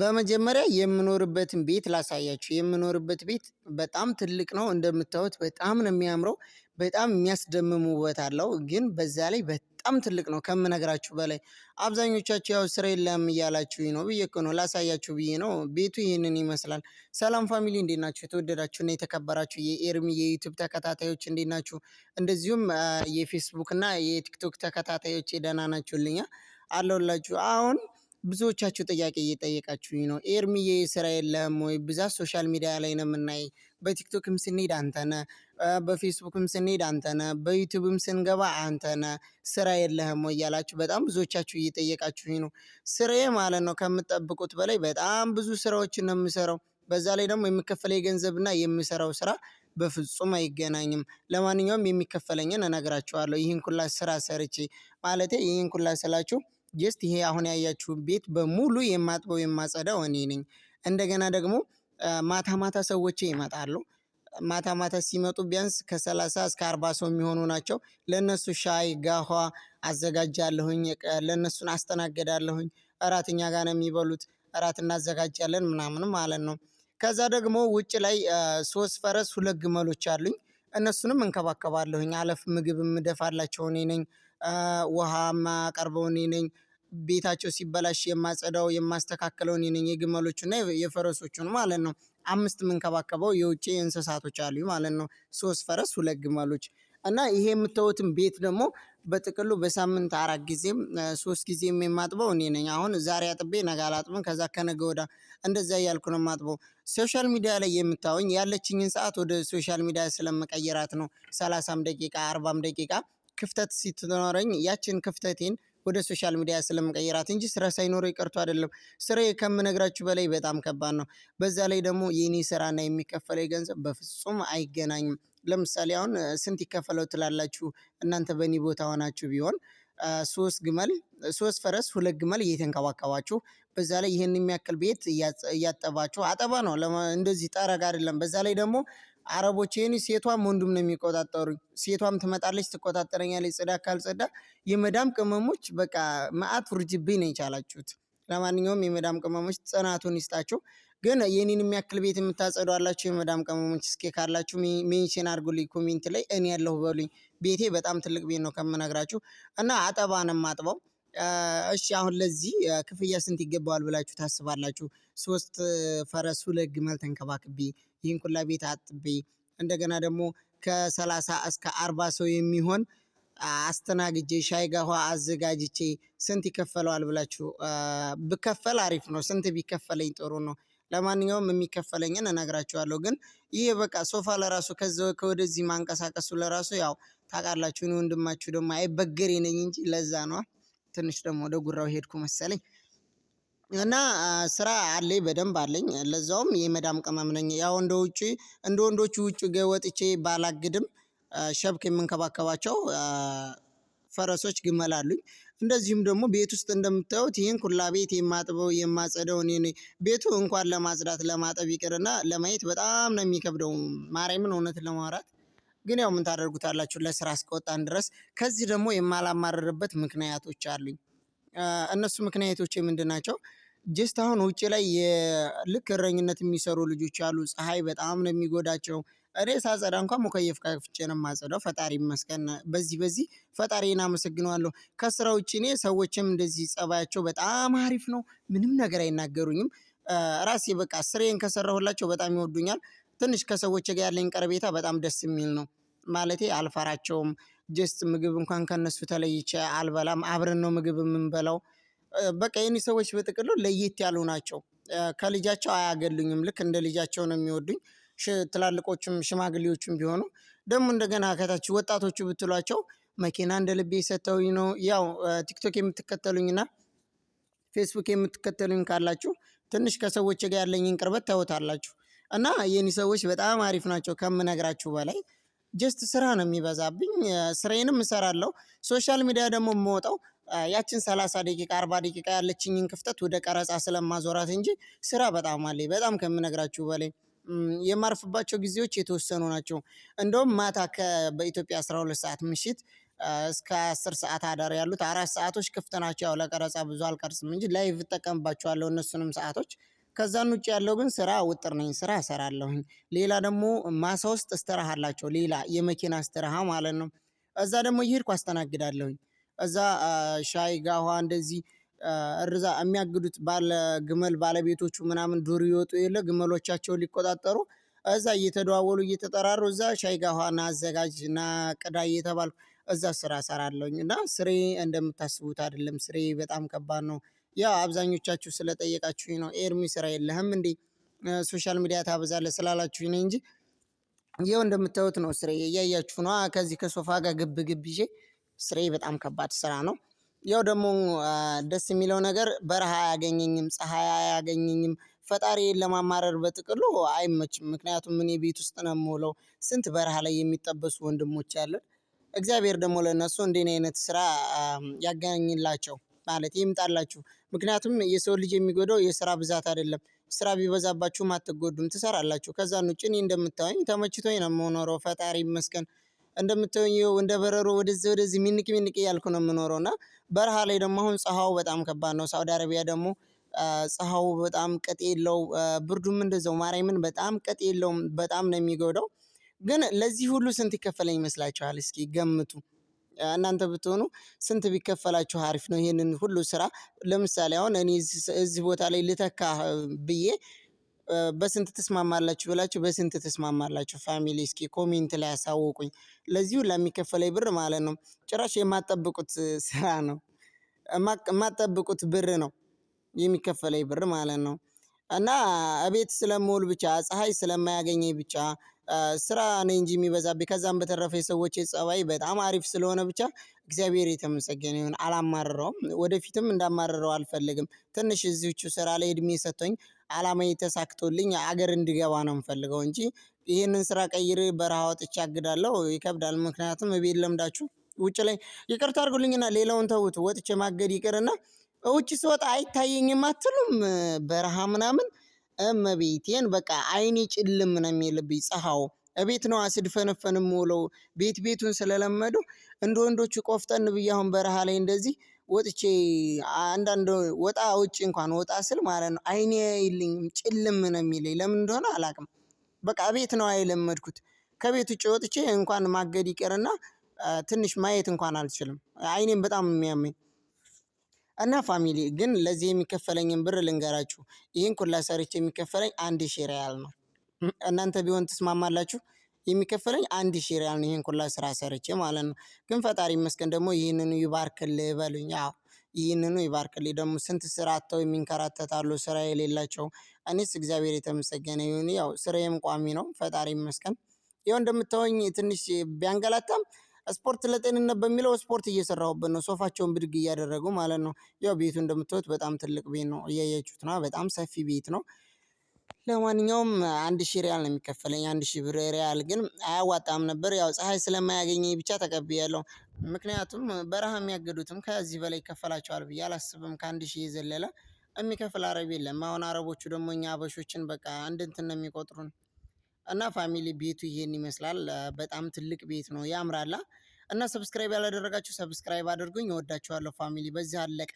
በመጀመሪያ የምኖርበትን ቤት ላሳያችሁ። የምኖርበት ቤት በጣም ትልቅ ነው። እንደምታዩት በጣም ነው የሚያምረው። በጣም የሚያስደምም ውበት አለው። ግን በዛ ላይ በጣም ትልቅ ነው ከምነግራችሁ በላይ። አብዛኞቻችሁ ያው ስራ የለም እያላችሁ ነው ብዬ እኮ ነው ላሳያችሁ ብዬ ነው። ቤቱ ይህንን ይመስላል። ሰላም ፋሚሊ እንዴት ናችሁ? እና የተከበራችሁ የኤርሚ የዩቱብ ተከታታዮች እንዴት ናችሁ? እንደዚሁም የፌስቡክ እና የቲክቶክ ተከታታዮች ደህና ናችሁልኛ? አለሁላችሁ አሁን ብዙዎቻችሁ ጥያቄ እየጠየቃችሁኝ ነው። ኤርሚዬ ስራ የለም ወይ? ብዛት ሶሻል ሚዲያ ላይ ነው የምናይ። በቲክቶክም ስንሄድ አንተነ፣ በፌስቡክም ስንሄድ አንተነ፣ በዩቱብም ስንገባ አንተነ። ስራ የለህም ወይ እያላችሁ በጣም ብዙዎቻችሁ እየጠየቃችሁኝ ነው። ስራዬ ማለት ነው ከምጠብቁት በላይ በጣም ብዙ ስራዎችን ነው የምሰራው። በዛ ላይ ደግሞ የሚከፈለኝ ገንዘብና የምሰራው ስራ በፍጹም አይገናኝም። ለማንኛውም የሚከፈለኝን እነግራችኋለሁ። ይህን ኩላ ስራ ሰርቼ ማለቴ ይህን ኩላ ስላችሁ ጀስት ይሄ አሁን ያያችሁ ቤት በሙሉ የማጥበው የማጸዳው እኔ ነኝ። እንደገና ደግሞ ማታ ማታ ሰዎች ይመጣሉ። ማታ ማታ ሲመጡ ቢያንስ ከሰላሳ እስከ አርባ ሰው የሚሆኑ ናቸው። ለእነሱ ሻይ ጋኋ አዘጋጃለሁኝ፣ ለእነሱን አስተናገዳለሁኝ። እራትኛ ጋር ነው የሚበሉት፣ እራት እናዘጋጃለን ምናምን ማለት ነው። ከዛ ደግሞ ውጭ ላይ ሶስት ፈረስ ሁለት ግመሎች አሉኝ። እነሱንም እንከባከባለሁኝ። አለፍ ምግብ የምደፋላቸው እኔ ነኝ። ውሃ ማቀርበው እኔ ነኝ። ቤታቸው ሲበላሽ የማጸዳው የማስተካከለው እኔ ነኝ የግመሎቹና የፈረሶቹን ማለት ነው። አምስት የምንከባከበው የውጭ እንስሳቶች አሉ ማለት ነው። ሶስት ፈረስ ሁለት ግመሎች እና ይሄ የምታዩትን ቤት ደግሞ በጥቅሉ በሳምንት አራት ጊዜም ሶስት ጊዜም የማጥበው እኔ ነኝ። አሁን ዛሬ አጥቤ ነገ አላጥብም ከዛ ከነገ ወዳ እንደዛ እያልኩ ነው የማጥበው። ሶሻል ሚዲያ ላይ የምታወኝ ያለችኝን ሰዓት ወደ ሶሻል ሚዲያ ስለመቀየራት ነው። ሰላሳም ደቂቃ አርባም ደቂቃ ክፍተት ስትኖረኝ ያችን ክፍተቴን ወደ ሶሻል ሚዲያ ስለምቀይራት እንጂ ስራ ሳይኖረ ይቀርቶ አይደለም። ስራ ከምነግራችሁ በላይ በጣም ከባድ ነው። በዛ ላይ ደግሞ የኔ ስራና የሚከፈለው ገንዘብ በፍጹም አይገናኝም። ለምሳሌ አሁን ስንት ይከፈለው ትላላችሁ? እናንተ በእኔ ቦታ ሆናችሁ ቢሆን ሶስት ግመል ሶስት ፈረስ ሁለት ግመል እየተንከባከባችሁ በዛ ላይ ይህን የሚያክል ቤት እያጠባችሁ አጠባ ነው እንደዚህ ጠረግ አይደለም። በዛ ላይ ደግሞ አረቦች ይህን ሴቷም ወንዱም ነው የሚቆጣጠሩኝ። ሴቷም ትመጣለች ትቆጣጠረኛለች። ጽዳ ካልጸዳ የመዳም ቅመሞች በቃ መዓት ውርጅብኝ ነው የቻላችሁት። ለማንኛውም የመዳም ቅመሞች ጽናቱን ይስጣችሁ። ግን የኔን የሚያክል ቤት የምታጸዱ አላችሁ? የመዳም ቅመሞች እስኪ ካላችሁ ሜንሽን አድርጉልኝ ኮሜንት ላይ እኔ ያለሁ በሉኝ። ቤቴ በጣም ትልቅ ቤት ነው ከምነግራችሁ እና አጠባንም አጥበው እሺ አሁን ለዚህ ክፍያ ስንት ይገባዋል ብላችሁ ታስባላችሁ? ሶስት ፈረሱ ለግመል ተንከባክቤ ይህን ኩላ ቤት አጥቤ እንደገና ደግሞ ከሰላሳ እስከ አርባ ሰው የሚሆን አስተናግጄ ሻይ ጋኋ አዘጋጅቼ ስንት ይከፈለዋል ብላችሁ ብከፈል አሪፍ ነው። ስንት ቢከፈለኝ ጥሩ ነው? ለማንኛውም የሚከፈለኝን እነግራችኋለሁ። ግን ይህ በቃ ሶፋ ለራሱ ከዚ ከወደዚህ ማንቀሳቀሱ ለራሱ ያው ታውቃላችሁ፣ ወንድማችሁ ደግሞ አይበገሬ ነኝ እንጂ ለዛ ነዋ። ትንሽ ደግሞ ወደ ጉራው ሄድኩ መሰለኝ። እና ስራ አለኝ በደንብ አለኝ ለዛውም የመዳም ቅመም ነኝ ያው እንደ ውጪ እንደ ወንዶቹ ውጪ ወጥቼ ባላግድም ሸብክ የምንከባከባቸው ፈረሶች ግመል አሉኝ። እንደዚሁም ደግሞ ቤት ውስጥ እንደምታዩት ይህን ኩላ ቤት የማጥበው የማጸደው እኔ ቤቱ እንኳን ለማጽዳት ለማጠብ ይቅርና ለማየት በጣም ነው የሚከብደው ማርያምን እውነት ለማውራት። ግን ያው ምን ታደርጉታላችሁ ለስራ እስከወጣን ድረስ ከዚህ ደግሞ የማላማረርበት ምክንያቶች አሉኝ እነሱ ምክንያቶች ምንድን ናቸው? ጀስት አሁን ውጭ ላይ ልክ እረኝነት የሚሰሩ ልጆች አሉ። ፀሐይ በጣም ነው የሚጎዳቸው። እኔ ሳጸዳ እንኳ ሞከየፍ ከፍቼ ነው የማጸዳው። ፈጣሪ ይመስገን። በዚህ በዚህ ፈጣሪን አመሰግነዋለሁ። ከስራ ውጭ እኔ ሰዎችም እንደዚህ ፀባያቸው በጣም አሪፍ ነው፣ ምንም ነገር አይናገሩኝም። ራሴ በቃ ስሬን ከሰራሁላቸው በጣም ይወዱኛል። ትንሽ ከሰዎች ጋር ያለኝ ቀረቤታ በጣም ደስ የሚል ነው። ማለቴ አልፈራቸውም። ጀስት ምግብ እንኳን ከነሱ ተለይቼ አልበላም። አብረን ነው ምግብ የምንበላው። በቃ የኔ ሰዎች በጥቅሉ ለየት ያሉ ናቸው። ከልጃቸው አያገሉኝም። ልክ እንደ ልጃቸው ነው የሚወዱኝ። ትላልቆቹም ሽማግሌዎቹም ቢሆኑ ደግሞ እንደገና ከታች ወጣቶቹ ብትሏቸው መኪና እንደ ልቤ ሰጥተውኝ ነው። ያው ቲክቶክ የምትከተሉኝና ፌስቡክ የምትከተሉኝ ካላችሁ ትንሽ ከሰዎች ጋር ያለኝን ቅርበት ታወታላችሁ። እና የኔ ሰዎች በጣም አሪፍ ናቸው ከምነግራችሁ በላይ ጀስት ስራ ነው የሚበዛብኝ። ስራዬንም እሰራለሁ። ሶሻል ሚዲያ ደግሞ የምወጣው ያችን ሰላሳ ደቂቃ አርባ ደቂቃ ያለችኝን ክፍተት ወደ ቀረጻ ስለማዞራት እንጂ ስራ በጣም አለ። በጣም ከምነግራችሁ በላይ የማርፍባቸው ጊዜዎች የተወሰኑ ናቸው። እንደውም ማታ በኢትዮጵያ 12 ሰዓት ምሽት እስከ አስር ሰዓት አዳር ያሉት አራት ሰዓቶች ክፍት ናቸው። ያው ለቀረጻ ብዙ አልቀርጽም እንጂ ላይቭ እጠቀምባቸዋለሁ እነሱንም ሰዓቶች። ከዛን ውጭ ያለው ግን ስራ ውጥር ነኝ፣ ስራ እሰራለሁኝ። ሌላ ደግሞ ማሳ ውስጥ እስተራሃ አላቸው፣ ሌላ የመኪና እስተራሃ ማለት ነው። እዛ ደግሞ እየሄድኩ አስተናግዳለሁኝ። እዛ ሻይ ጋኋ እንደዚህ እርዛ የሚያግዱት ባለ ግመል ባለቤቶቹ ምናምን ዱር ይወጡ የለ ግመሎቻቸውን ሊቆጣጠሩ እዛ እየተደዋወሉ እየተጠራሩ እዛ ሻይ ጋኋ ና አዘጋጅ ና ቅዳ እየተባልኩ እዛ ስራ እሰራለሁኝ። እና ስሬ እንደምታስቡት አይደለም። ስሬ በጣም ከባድ ነው። ያ አብዛኞቻችሁ ስለጠየቃችሁኝ ነው። ኤርሚ ስራ የለህም እንዴ ሶሻል ሚዲያ ታበዛለህ ስላላችሁኝ ነው እንጂ ይው እንደምታዩት ነው ስሬ እያያችሁ ነው። ከዚህ ከሶፋ ጋር ግብ ግብ ይዤ ስሬ በጣም ከባድ ስራ ነው። ያው ደግሞ ደስ የሚለው ነገር በረሃ አያገኘኝም፣ ፀሐይ አያገኘኝም። ፈጣሪ ለማማረር በጥቅሉ አይመችም። ምክንያቱም እኔ ቤት ውስጥ ነው የምውለው። ስንት በረሃ ላይ የሚጠበሱ ወንድሞች አለን። እግዚአብሔር ደግሞ ለእነሱ እንደኔ አይነት ስራ ያገኝላቸው። ማለት ይምጣላችሁ። ምክንያቱም የሰው ልጅ የሚጎዳው የስራ ብዛት አይደለም። ስራ ቢበዛባችሁም አትጎዱም፣ ትሰራላችሁ። ከዛን ውጭ እኔ እንደምታወኝ ተመችቶኝ ነው የምኖረው፣ ፈጣሪ ይመስገን። እንደምታዩኝ እንደ በረሮ ወደዚህ ወደዚህ ሚንቅ ሚንቅ እያልኩ ነው የምኖረው እና በረሃ ላይ ደግሞ አሁን ፀሐው በጣም ከባድ ነው። ሳውዲ አረቢያ ደግሞ ፀሐዩ በጣም ቅጥ የለው፣ ብርዱም እንደዛው ማርያምን በጣም ቅጥ የለውም። በጣም ነው የሚጎዳው። ግን ለዚህ ሁሉ ስንት ይከፈለኝ ይመስላችኋል? እስኪ ገምቱ። እናንተ ብትሆኑ ስንት ቢከፈላችሁ አሪፍ ነው? ይህንን ሁሉ ስራ ለምሳሌ አሁን እኔ እዚህ ቦታ ላይ ልተካ ብዬ በስንት ትስማማላችሁ ብላችሁ በስንት ትስማማላችሁ? ፋሚሊ እስኪ ኮሜንት ላይ ያሳውቁኝ። ለዚሁ ለሚከፈለኝ ብር ማለት ነው። ጭራሽ የማጠብቁት ስራ ነው፣ የማጠብቁት ብር ነው የሚከፈለኝ ብር ማለት ነው። እና እቤት ስለምውል ብቻ ፀሀይ ስለማያገኘኝ ብቻ ስራ ነው እንጂ የሚበዛብኝ ከዛም በተረፈ የሰዎች ፀባይ በጣም አሪፍ ስለሆነ ብቻ እግዚአብሔር የተመሰገነ ይሁን አላማርረውም ወደፊትም እንዳማርረው አልፈልግም። ትንሽ እዚቹ ስራ ላይ እድሜ ሰጥቶኝ አላማ ተሳክቶልኝ ሀገር እንድገባ ነው የምፈልገው እንጂ ይህንን ስራ ቀይር በረሃ ወጥቼ አግዳለሁ ይከብዳል። ምክንያቱም እቤት ለምዳችሁ ውጭ ላይ ይቅርታ አድርጉልኝና ሌላውን ተውት ወጥቼ ማገድ ይቅርና ውጭ ስወጣ አይታየኝም አትሉም? በረሃ ምናምን እመቤቴን በቃ አይኔ ጭልም ነው የሚልብኝ ፀሐው እቤት ነዋ ስድፈነፈን ሞለው ቤት ቤቱን ስለለመዱ እንደ ወንዶቹ ቆፍጠን ብዬ አሁን በረሃ ላይ እንደዚህ ወጥቼ አንዳንድ ወጣ ውጭ እንኳን ወጣ ስል ማለት ነው አይኔ አይልኝም ጭልም ነው የሚለኝ። ለምን እንደሆነ አላቅም። በቃ ቤት ነው አይለመድኩት። ከቤት ውጭ ወጥቼ እንኳን ማገድ ይቅርና ትንሽ ማየት እንኳን አልችልም። አይኔም በጣም የሚያመኝ እና ፋሚሊ ግን ለዚህ የሚከፈለኝን ብር ልንገራችሁ። ይህን ኩላ ሰርቼ የሚከፈለኝ አንድ ሺ ሪያል ነው። እናንተ ቢሆን ትስማማላችሁ? የሚከፈለኝ አንድ ሺ ሪያል ነው። ይህን ኩላ ስራ ሰርቼ ማለት ነው። ግን ፈጣሪ ይመስገን ደግሞ ይህንኑ ይባርክልህ በሉኝ። አዎ ይህንኑ ይባርክልኝ። ደግሞ ስንት ስራ አጥተው የሚንከራተታሉ ስራ የሌላቸው። እኔስ እግዚአብሔር የተመሰገነ ይሁን። ያው ስራዬም ቋሚ ነው። ፈጣሪ ይመስገን። ይኸው እንደምታወኝ ትንሽ ቢያንገላታም ስፖርት ለጤንነት በሚለው ስፖርት እየሰራሁበት ነው። ሶፋቸውን ብድግ እያደረጉ ማለት ነው። ያው ቤቱ እንደምታዩት በጣም ትልቅ ቤት ነው፣ እያያችሁት ነው። በጣም ሰፊ ቤት ነው። ለማንኛውም አንድ ሺህ ሪያል ነው የሚከፈለኝ። አንድ ሺህ ብር ሪያል ግን አያዋጣም ነበር። ያው ፀሐይ ስለማያገኘኝ ብቻ ተቀብያለሁ። ምክንያቱም በረሃ የሚያገዱትም ከዚህ በላይ ይከፈላቸዋል ብዬ አላስብም። ከአንድ ሺህ የዘለለ የሚከፍል አረብ የለም። አሁን አረቦቹ ደግሞ እኛ አበሾችን በቃ እንድንትን ነው የሚቆጥሩን። እና ፋሚሊ ቤቱ ይሄን ይመስላል። በጣም ትልቅ ቤት ነው ያምራላ። እና ሰብስክራይብ ያላደረጋችሁ ሰብስክራይብ አድርጉኝ። እወዳችኋለሁ ፋሚሊ። በዚህ አለቀ።